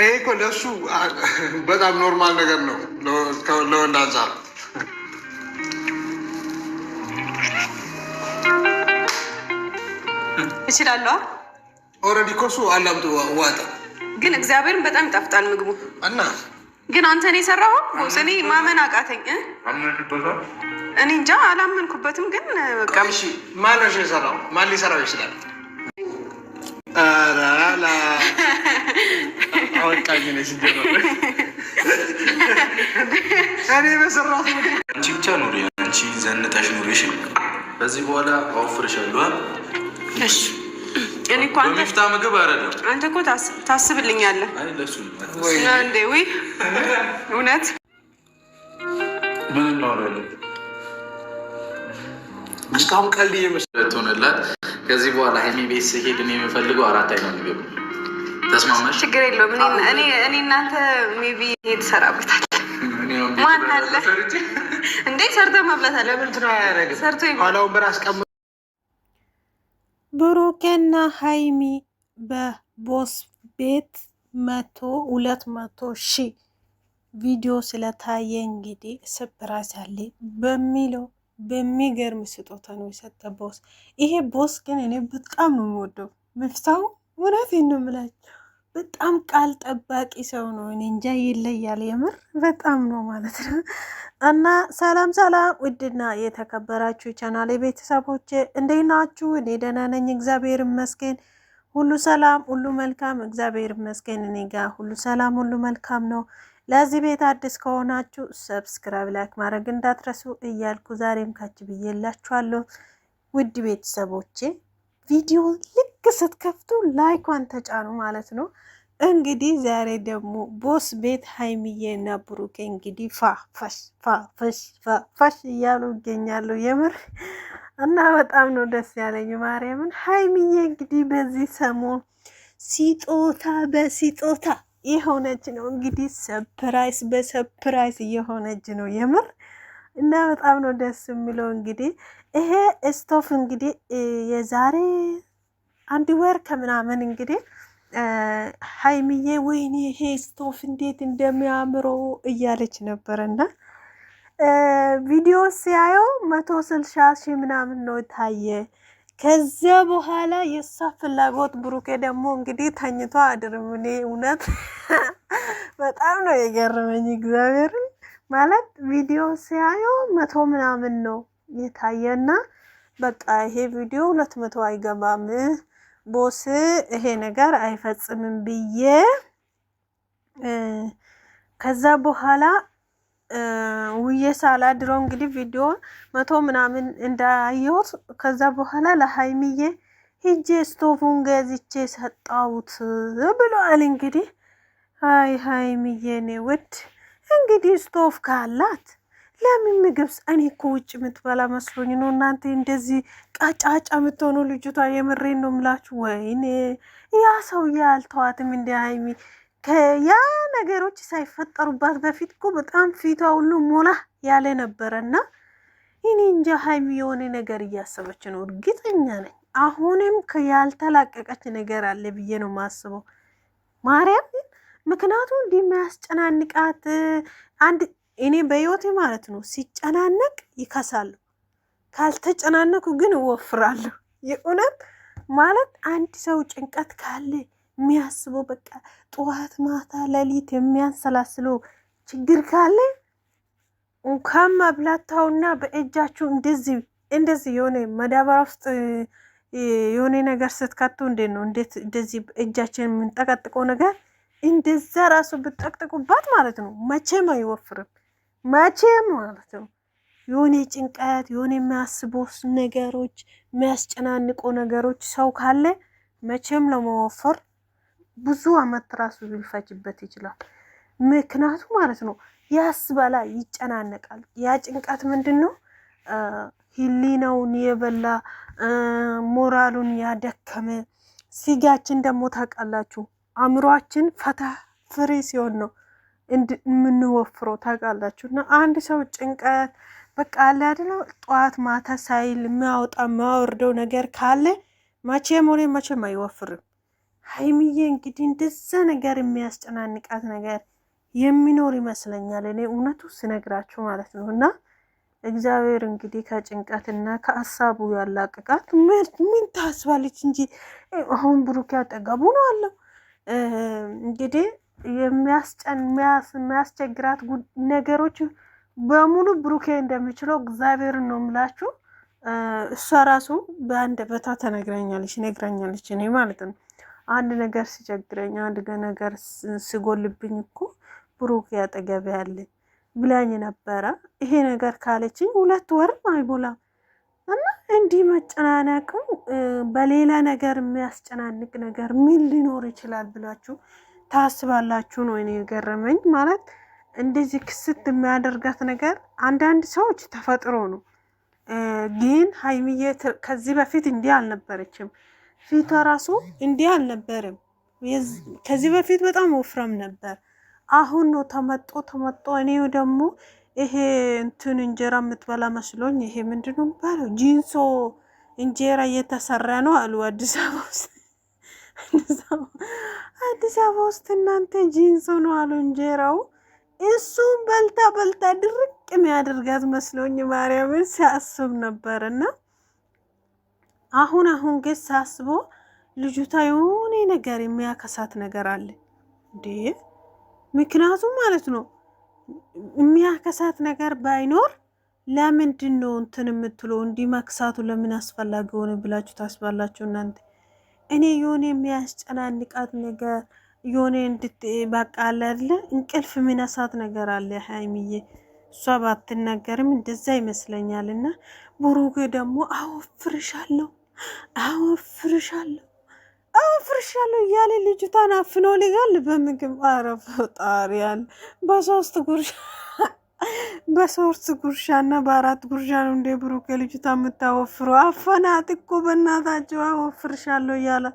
ይሄ እኮ ለእሱ በጣም ኖርማል ነገር ነው። ለወንድ አንጻር እችላለሁ። ኦልሬዲ እኮ እሱ አላምጡ ዋጠ። ግን እግዚአብሔርን በጣም ይጣፍጣል ምግቡ እና ግን አንተ ነው የሰራኸው። እኔ ማመን አቃተኝ። እኔ እንጃ አላመንኩበትም። ግን በቃ ማን ነው የሰራው? ማን ሊሰራው ይችላል? አንቺ ብቻ ኑሪ፣ አንቺ ዘንጠሽ ኑሪሽ ከዚህ በኋላ አወፍርሻለሁ። እኔ እኮ ምግብ አይደለም። አንተ እኮ ታስብልኛለህ። እውነት ምንም ነው ቀልድ ሆነላት። ከዚህ በኋላ ሀይሚ ቤት ስሄድ እኔ የምፈልገው አራት አይነት ምግብ ተስማማሽ? ችግር የለውም። እኔ እናንተ ሜቢ ሄድ ሰራበታል። ማን አለ እንዴ? ሰርተ መብላት አለ ሰርቶ ብሩኬና ሀይሚ በቦስ ቤት መቶ ሁለት መቶ ሺ ቪዲዮ ስለታየ እንግዲህ ስፕራይዝ አለ በሚለው በሚገርም ስጦታ ነው የሰጠ ቦስ። ይሄ ቦስ ግን እኔ በጣም ነው የምወደው መፍታው ውነት ነው የምላችሁ። በጣም ቃል ጠባቂ ሰው ነው። እኔ እንጃ ይለያል፣ የምር በጣም ነው ማለት ነው። እና ሰላም ሰላም፣ ውድና የተከበራችሁ ቻናል ቤተሰቦቼ እንዴት ናችሁ? እኔ ደህና ነኝ፣ እግዚአብሔር ይመስገን። ሁሉ ሰላም፣ ሁሉ መልካም፣ እግዚአብሔር ይመስገን። እኔ ጋር ሁሉ ሰላም፣ ሁሉ መልካም ነው። ለዚህ ቤት አዲስ ከሆናችሁ ሰብስክራይብ፣ ላይክ ማድረግ እንዳትረሱ እያልኩ ዛሬም ካች ብዬላችኋለሁ ውድ ቤተሰቦቼ። ቪዲዮ ልክ ስትከፍቱ ላይኳን ተጫኑ ማለት ነው። እንግዲህ ዛሬ ደግሞ ቦስ ቤት ሀይሚዬ እና ብሩኬ እንግዲህ ፋፋፋፋሽ እያሉ ይገኛሉ። የምር እና በጣም ነው ደስ ያለኝ ማርያምን። ሀይሚዬ እንግዲህ በዚህ ሰሞን ሲጦታ በሲጦታ የሆነች ነው እንግዲህ ሰፕራይዝ በሰፕራይዝ እየሆነች ነው የምር እና በጣም ነው ደስ የሚለው። እንግዲህ ይሄ ስቶፍ እንግዲህ የዛሬ አንድ ወር ከምናምን እንግዲህ ሀይሚዬ ወይኔ ይሄ ስቶፍ እንዴት እንደሚያምሮ እያለች ነበረ እና ቪዲዮ ሲያየው መቶ ስልሳ ሺህ ምናምን ነው ታየ ከዚያ በኋላ የእሷ ፍላጎት ብሩኬ ደግሞ እንግዲህ ተኝቶ አድርም። እኔ እውነት በጣም ነው የገረመኝ እግዚአብሔርን ማለት ቪዲዮ ሲያየው መቶ ምናምን ነው የታየና በቃ ይሄ ቪዲዮ ሁለት መቶ አይገባም ቦስ ይሄ ነገር አይፈጽምም ብዬ ከዛ በኋላ ውዬ ሳላ ድሮ እንግዲህ ቪዲዮ መቶ ምናምን እንዳየሁት ከዛ በኋላ ለሀይሚዬ ሂጄ ስቶፉን ገዝቼ ሰጣሁት ብሏል። እንግዲህ አይ ሀይሚዬ ኔ ውድ እንግዲህ ስቶቭ ካላት ለምን ምግብስ? እኔ እኮ ውጭ የምትበላ መስሎኝ ነው። እናንተ እንደዚህ ቀጫጫ የምትሆኑ ልጅቷ የምሬን ነው ምላችሁ። ወይኔ ያ ሰውዬ አልተዋትም እንደ ሀይሚ ከያ ነገሮች ሳይፈጠሩባት በፊት እኮ በጣም ፊቷ ሁሉ ሞላ ያለ ነበረ እና እኔ እንጃ ሀይሚ የሆነ ነገር እያሰበች ነው፣ እርግጠኛ ነኝ። አሁንም ያልተላቀቀች ነገር አለ ብዬ ነው ማስበው ማርያም። ምክንያቱም እንዲህ የሚያስጨናንቃት አንድ እኔ በህይወቴ ማለት ነው ሲጨናነቅ ይከሳሉ፣ ካልተጨናነኩ ግን እወፍራለሁ። የእውነት ማለት አንድ ሰው ጭንቀት ካለ የሚያስቡ በቃ ጠዋት ማታ ሌሊት የሚያንሰላስሉ ችግር ካለ እንኳን ማብላታውና በእጃችሁ እንደዚህ እንደዚህ የሆነ መዳበራ ውስጥ የሆነ ነገር ስትከቱ እንዴት ነው እንዴት እንደዚህ እጃችን የምንጠቀጥቀው ነገር እንደዛ ራሱ ብጠቅጥቁባት ማለት ነው መቼም አይወፍርም። መቼም ማለት ነው የሆነ ጭንቀት የሆነ የሚያስቡ ነገሮች የሚያስጨናንቁ ነገሮች ሰው ካለ መቼም ለመወፈር ብዙ አመት ራሱ ሊፈጅበት ይችላል። ምክንያቱ ማለት ነው በላ ይጨናነቃል። ያ ጭንቀት ምንድን ነው ህሊናውን የበላ ሞራሉን ያደከመ። ስጋችን ደግሞ ታውቃላችሁ፣ አእምሯችን ፈታ ፍሪ ሲሆን ነው የምንወፍረው ታውቃላችሁ። እና አንድ ሰው ጭንቀት በቃ አለ አይደለው፣ ጠዋት ማታ ሳይል የሚያወጣ የሚያወርደው ነገር ካለ መቼም ሆነ መቼም አይወፍርም። ሀይሚዬ እንግዲህ እንደዛ ነገር የሚያስጨናንቃት ነገር የሚኖር ይመስለኛል። እኔ እውነቱ ስነግራችሁ ማለት ነው። እና እግዚአብሔር እንግዲህ ከጭንቀትና ከሀሳቡ ያላቅቃት። ምን ታስባለች እንጂ አሁን ብሩክ ያጠገቡ ነው አለው እንግዲህ የሚያስቸግራት ነገሮች በሙሉ ብሩኬ እንደሚችለው እግዚአብሔር ነው የምላችሁ። እሷ ራሱ በአንድ በታ ተነግረኛለች ነግረኛለች እኔ ማለት ነው። አንድ ነገር ሲቸግረኝ፣ አንድ ነገር ሲጎልብኝ እኮ ብሩክ ያጠገብ ያለ ብላኝ ነበረ። ይሄ ነገር ካለችኝ ሁለት ወርም አይሞላም እና እንዲህ መጨናነቅም በሌላ ነገር የሚያስጨናንቅ ነገር ምን ሊኖር ይችላል ብላችሁ ታስባላችሁ? ነው እኔ የገረመኝ። ማለት እንደዚህ ክስት የሚያደርጋት ነገር አንዳንድ ሰዎች ተፈጥሮ ነው። ግን ሀይሚዬ ከዚህ በፊት እንዲህ አልነበረችም። ፊቷ ራሱ እንዲህ አልነበርም። ከዚህ በፊት በጣም ወፍረም ነበር። አሁን ነው ተመጦ ተመጦ። እኔው ደግሞ ይሄ እንትን እንጀራ የምትበላ መስሎኝ ይሄ ምንድን ነው የሚባለው ጂንሶ እንጀራ እየተሰራ ነው አሉ አዲስ አበባ ውስጥ አዲስ አበባ ውስጥ እናንተ ጂንሶ ነው አሉ እንጀራው። እሱም በልታ በልታ ድርቅ የሚያደርጋት መስሎኝ ማርያምን ሲያስብ ነበር እና አሁን አሁን ግን ሳስቦ ልጁታ የሆነ ነገር የሚያከሳት ነገር አለ እንዴ! ምክንያቱም ማለት ነው የሚያከሳት ነገር ባይኖር ለምንድን ነው እንትን የምትለው? እንዲህ መክሳቱ ለምን አስፈላጊ ሆነ ብላችሁ ታስባላችሁ እናንተ? እኔ የሆነ የሚያስጨናንቃት ነገር የሆነ እንድት በቃ አለ እንቅልፍ ምነሳት ነገር አለ ሀይሚዬ እሷ ባትነገርም እንደዛ ይመስለኛል። እና ቡሩጌ ደግሞ አዎ ፍርሻለሁ አወፍርሻለሁ አወፍርሻለሁ እያለ ልጅቷን አፍኖ ሊጋል በምግብ አረፈ ጣሪያን በሶስት ጉርሻ በሶስት ጉርሻ እና በአራት ጉርሻ ነው እንደ ብሩክ ልጅቷ የምታወፍሩ። አፈናት እኮ በእናታቸው አወፍርሻለሁ እያለ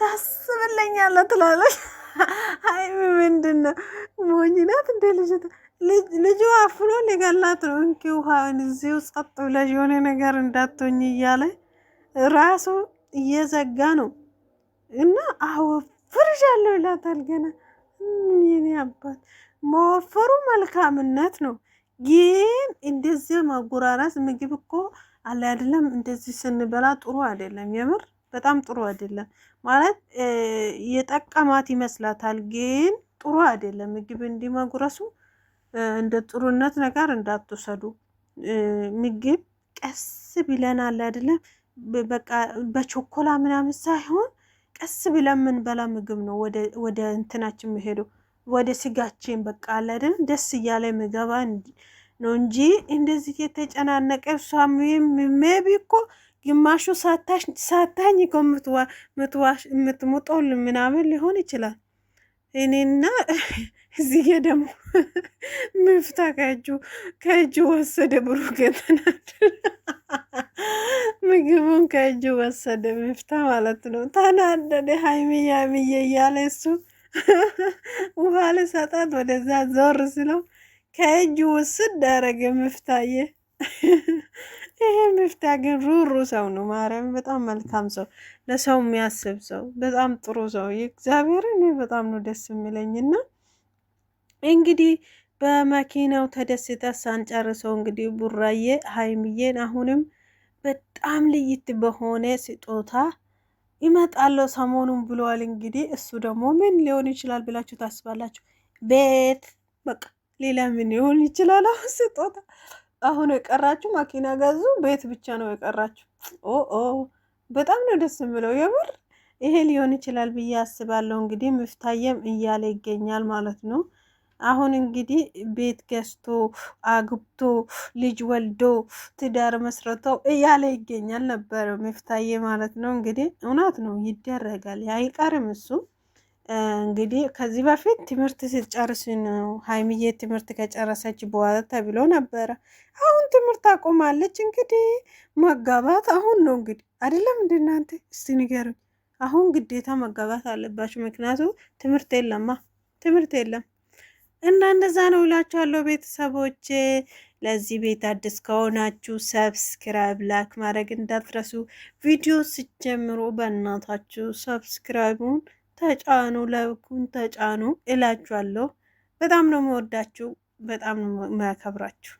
ታስብለኛለ ትላለች። አይ ምንድን ነው ሞኝናት እንደ ልጅቷ ልጁ አፍኖ ሊገላት ነው። እንኪ ውሃ እዚው ጸጥ ብለሽ የሆነ ነገር እንዳትሆኝ እያለ ራሱ እየዘጋ ነው እና አወፍርሻለሁ ይላታል። ገና ምን አባት መወፈሩ መልካምነት ነው፣ ግን እንደዚህ ማጎራራስ ምግብ እኮ አለ አይደለም፣ እንደዚህ ስንበላ ጥሩ አይደለም። የምር በጣም ጥሩ አይደለም። ማለት የጠቀማት ይመስላታል፣ ግን ጥሩ አይደለም። ምግብ እንዲመጉረሱ እንደ ጥሩነት ነገር እንዳትወሰዱ። ምግብ ቀስ ብለን አለ አይደለም በቃ በቾኮላ ምናምን ሳይሆን ቀስ ብለን በላ ምግብ ነው ወደ እንትናችን የሚሄዱ ወደ ስጋችን በቃ አለድን ደስ እያለ ምገባ ነው እንጂ እንደዚህ የተጨናነቀ እሷ ሜቢ እኮ ግማሹ ሳታኝ እኮ ምትሞጦል ምናምን ሊሆን ይችላል እኔና እዚህ ጋ ደግሞ ምፍታ ከእጁ ከእጁ ወሰደ። ብሩክ ተናደ። ምግቡን ከእጁ ወሰደ ምፍታ ማለት ነው። ተናደደ። ሀይሚዬ ሀይሚዬ እያለ እሱ ውሃ ልሰጣት ወደዛ ዞር ስለው ከእጁ ውስድ አረገ ምፍታዬ። ይሄ ምፍታ ግን ሩሩ ሰው ነው። ማርያም በጣም መልካም ሰው፣ ለሰው የሚያስብ ሰው፣ በጣም ጥሩ ሰው። እግዚአብሔር በጣም ነው ደስ የሚለኝና እንግዲህ በመኪናው ተደስተ ሳንጨርሰው እንግዲህ ቡራዬ ሀይሚዬን አሁንም በጣም ልይት በሆነ ስጦታ ይመጣለው ሰሞኑን ብለዋል። እንግዲህ እሱ ደግሞ ምን ሊሆን ይችላል ብላችሁ ታስባላችሁ? ቤት በቃ ሌላ ምን ሊሆን ይችላል? አሁን ስጦታ አሁን የቀራችሁ መኪና ገዙ፣ ቤት ብቻ ነው የቀራችሁ። ኦ በጣም ነው ደስ የምለው የምር ይሄ ሊሆን ይችላል ብዬ አስባለሁ። እንግዲህ ምፍታየም እያለ ይገኛል ማለት ነው። አሁን እንግዲህ ቤት ገዝቶ አግብቶ ልጅ ወልዶ ትዳር መስረቶ እያለ ይገኛል ነበር ሚፍታዬ ማለት ነው። እንግዲህ እውነት ነው ይደረጋል፣ አይቀርም እሱ እንግዲህ ከዚህ በፊት ትምህርት ስትጨርስ ነው ሀይሚዬ ትምህርት ከጨረሰች በኋላ ተብሎ ነበረ። አሁን ትምህርት አቁማለች። እንግዲህ መጋባት አሁን ነው እንግዲህ አይደለም። እንደናንተ እስቲ ንገሩኝ። አሁን ግዴታ መጋባት አለባችሁ፣ ምክንያቱ ትምህርት የለማ፣ ትምህርት የለም። እና እንደዛ ነው እላችኋለሁ ቤተሰቦች። ለዚህ ቤት አዲስ ከሆናችሁ ሰብስክራይብ፣ ላክ ማድረግ እንዳትረሱ። ቪዲዮ ስጀምሩ በእናታችሁ ሰብስክራይቡን ተጫኑ፣ ላይኩን ተጫኑ እላችኋለሁ። በጣም ነው መወዳችሁ፣ በጣም ነው መያከብራችሁ።